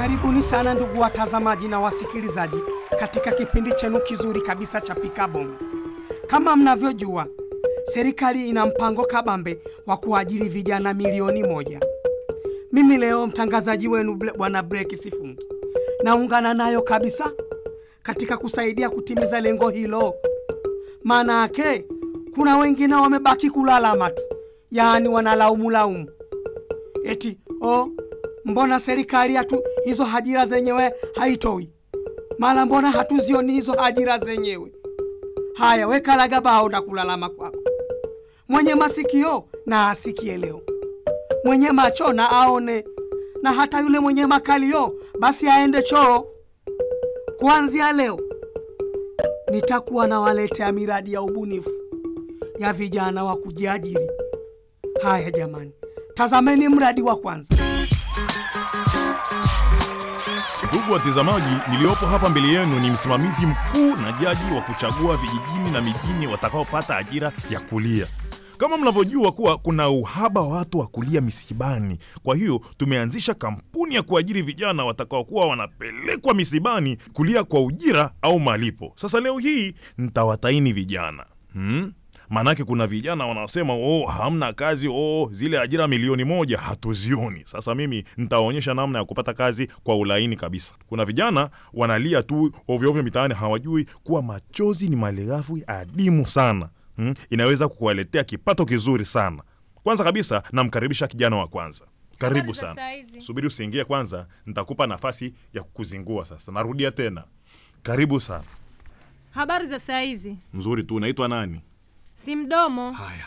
Karibuni sana ndugu watazamaji na wasikilizaji katika kipindi chenu kizuri kabisa cha Pika Bombo. Kama mnavyojua, serikali ina mpango kabambe wa kuajiri vijana milioni moja. Mimi leo mtangazaji wenu Bwana Breki Sifungi naungana nayo kabisa katika kusaidia kutimiza lengo hilo. Maana yake kuna wengine wamebaki kulalama tu, yaani wanalaumu laumu eti oh, Mbona serikali hatu hizo ajira zenyewe haitoi? Mara mbona hatuzioni hizo ajira zenyewe? Haya, wekalaga bao na kulalama kwako. Mwenye masikio na asikie leo, mwenye macho na aone, na hata yule mwenye makalio basi aende choo. Kuanzia leo nitakuwa nawaletea miradi ya ubunifu ya vijana wa kujiajiri. Haya jamani, tazameni mradi wa kwanza. Ndugu watazamaji, niliyopo hapa mbele yenu ni msimamizi mkuu na jaji wa kuchagua vijijini na mijini watakaopata ajira ya kulia. Kama mnavyojua kuwa kuna uhaba wa watu wa kulia misibani, kwa hiyo tumeanzisha kampuni ya kuajiri vijana watakaokuwa wanapelekwa misibani kulia kwa ujira au malipo. Sasa leo hii nitawataini vijana hmm? Maanake kuna vijana wanasema oh, hamna kazi oh, zile ajira milioni moja hatuzioni. Sasa mimi nitaonyesha namna ya kupata kazi kwa ulaini kabisa. Kuna vijana wanalia tu ovyo ovyo mitaani, hawajui kuwa machozi ni malighafi adimu sana, hmm? Inaweza kuwaletea kipato kizuri sana. Kwanza kabisa namkaribisha kijana wa kwanza. Karibu sana. Subiri usiingie kwanza, nitakupa nafasi ya kukuzingua sasa. Narudia tena, karibu sana. Habari za saa hizi? Mzuri tu. Unaitwa nani? si mdomo. Haya,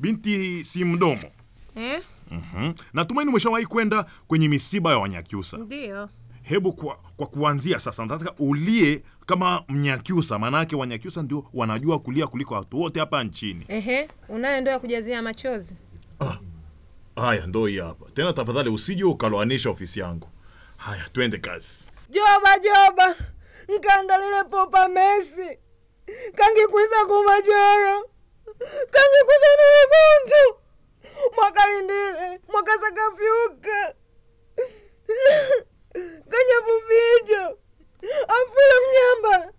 binti si mdomo eh? Mm-hmm. Natumaini umeshawahi kwenda kwenye misiba ya Wanyakyusa. Ndio. Hebu kwa, kwa kuanzia sasa nataka ulie kama Mnyakyusa, maanake Wanyakyusa ndio wanajua kulia kuliko watu wote hapa nchini. Ehe, unayo ndoo ya kujazia machozi? Ah, haya ndoo hii hapa. Tena tafadhali usije ukaloanisha ofisi yangu. Haya, twende kazi. Joba joba, nkaandalile popa mesi kangikwiza kumajoro kanyikusani wagonjwa mwakalindile mwakasakafyuka kanyavuvijo afula mnyamba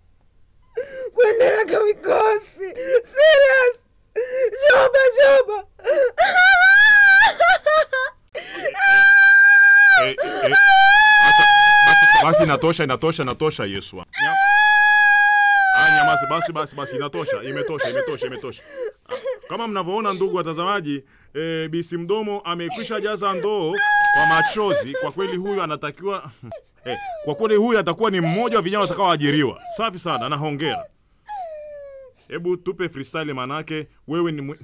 kuendera kawikosi serious joba joba eh, eh, eh. basi inatosha inatosha inatosha yesu nyamazi basi basi basi inatosha imetosha imetosha imetosha kama mnavyoona ndugu watazamaji, e, bisi mdomo amekwisha jaza ndoo kwa machozi. Kwa kweli huyu anatakiwa e, kwa kweli huyu atakuwa ni mmoja wa vijana watakaoajiriwa. Safi sana na hongera. Hebu tupe freestyle, manake wewe ni mm.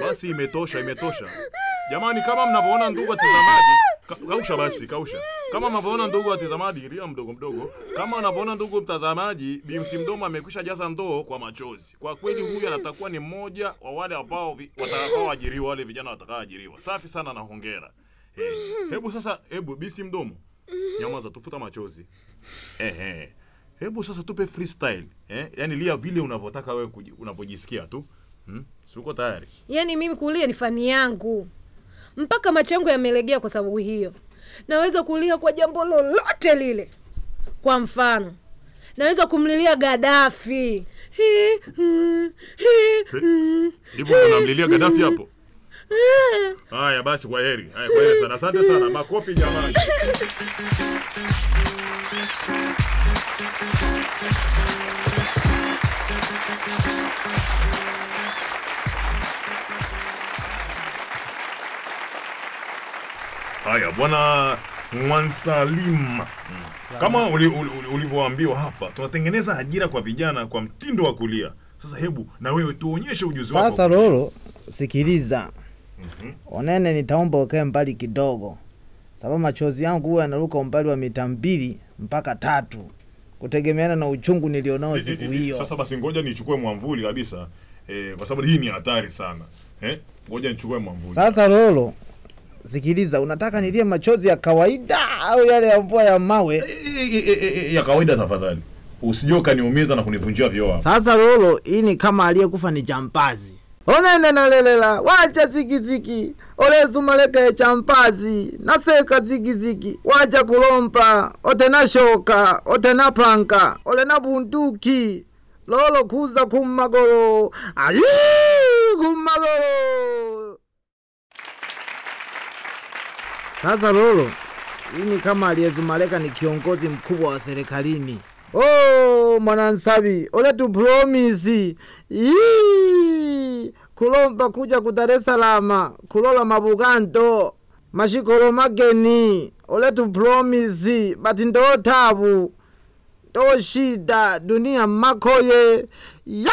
Basi imetosha, imetosha jamani, kama mnavyoona ndugu watazamaji, kausha basi, kausha. Kama unavyoona ndugu watazamaji, ria mdogo mdogo, kama unavyoona ndugu mtazamaji, Bimsi Mdomo amekwisha jaza ndoo kwa machozi. Kwa kweli, huyu anatakuwa ni mmoja wa wale ambao watakaoajiriwa, wale vijana watakaoajiriwa. Safi sana na hongera. Hey. Eh, hebu sasa, hebu Bimsi Mdomo, nyamaza, tufuta machozi. Ehe. Eh, hebu sasa tupe freestyle eh, yani lia vile unavyotaka wewe, unapojisikia tu hmm? Si tayari? Yani mimi kulia ni fani yangu, mpaka macho yangu yamelegea kwa sababu hiyo naweza kulia kwa jambo lolote lile. Kwa mfano, naweza kumlilia Gaddafi. Ndipo unamlilia Gaddafi hapo? Haya basi, kwa heri. Haya, kwa heri sana, asante sana. Makofi jamani. Haya bwana Mwansalim, mm. kama ulivyoambiwa hapa, tunatengeneza ajira kwa vijana kwa mtindo wa kulia. Sasa hebu na wewe tuonyeshe ujuzi wako. Sasa Lolo, sikiliza. Mm-hmm. Onene, nitaomba ukae mbali kidogo, sababu machozi yangu huwa yanaruka umbali wa mita mbili mpaka tatu kutegemeana na uchungu nilionao siku hiyo. Sasa basi, ngoja nichukue mwamvuli kabisa, eh, kwa sababu hii ni hatari sana. Eh, ngoja nichukue mwamvuli. Sasa Lolo, Sikiliza, unataka nilie machozi ya kawaida au yale ya mvua ya mawe? Eh, eh, eh, ya kawaida tafadhali, usije ukaniumiza na kunivunjia vioo. Sasa Lolo, hii ni kama aliyekufa ni jambazi onene nalelela wacha zigizigi olezumaleke champazi naseka zigizigi wacha kulompa otenashoka otenapanga olena bunduki lolo kuza kummagolo ayi kummagolo Sasa Lolo ini kama aliyezumaleka ni kiongozi mkubwa wa serikalini. Oh, mwanansabi ole tu promisi kulomba kuja ku Dar es Salaam kulola mabuganto mashikolo mageni ole tu promisi bati ndo tabu ndo shida dunia makoye ya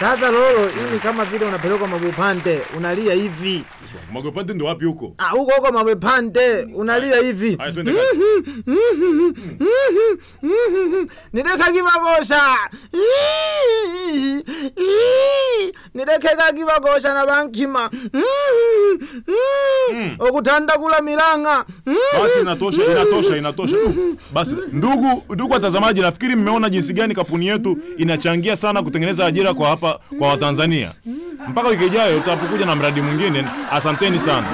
Sasa lolo ili kama vile unapelekwa Mabwepande unalia hivi. Mabwepande ndo wapi huko? Ah, huko huko Mabwepande unalia hivi. Haya twende kazi. Hmm, hmm, hmm, nireke kibagosha nireke kakibagosha nabankima hmm. okutandagula milanga basi inatosha inatosha inatosha basi ndugu ndugu watazamaji nafikiri mmeona jinsi gani kampuni yetu inachangia sana kutengeneza ajira kwa hapa kwa watanzania mpaka wiki ijayo tutapokuja na mradi mwingine asanteni sana